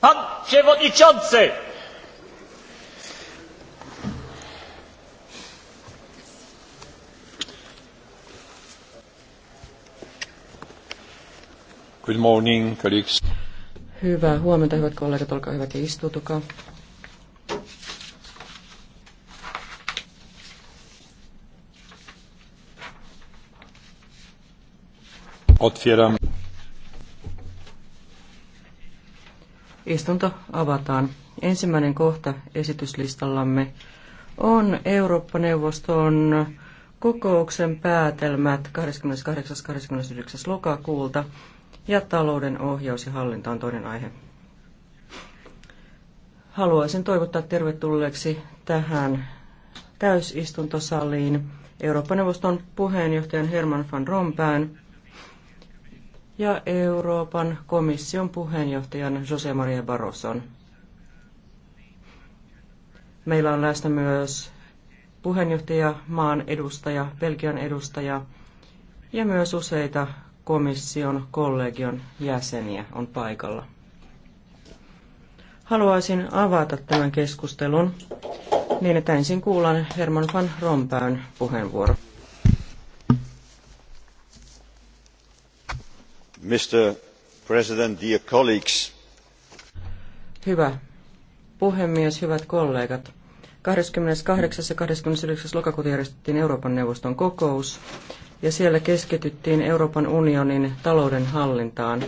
Pan przewodniczący! Good morning, colleagues. Hyvää huomenta, hyvät kollegat, olkaa hyvät ja istuutukaa. Otwieram Istunto avataan. Ensimmäinen kohta esityslistallamme on Eurooppa-neuvoston kokouksen päätelmät 28. 29. lokakuulta ja talouden ohjaus ja hallinta on toinen aihe. Haluaisin toivottaa tervetulleeksi tähän täysistuntosaliin Eurooppa-neuvoston puheenjohtajan Herman van Rompään, ja Euroopan komission puheenjohtajan Jose Maria Barroson. Meillä on läsnä myös puheenjohtaja, maan edustaja, Belgian edustaja ja myös useita komission kollegion jäseniä on paikalla. Haluaisin avata tämän keskustelun niin, että ensin kuullaan Herman van Rompäyn puheenvuoro. Mr. President, dear colleagues. Hyvä puhemies, hyvät kollegat. 28. ja 29. lokakuuta järjestettiin Euroopan neuvoston kokous ja siellä keskityttiin Euroopan unionin talouden hallintaan.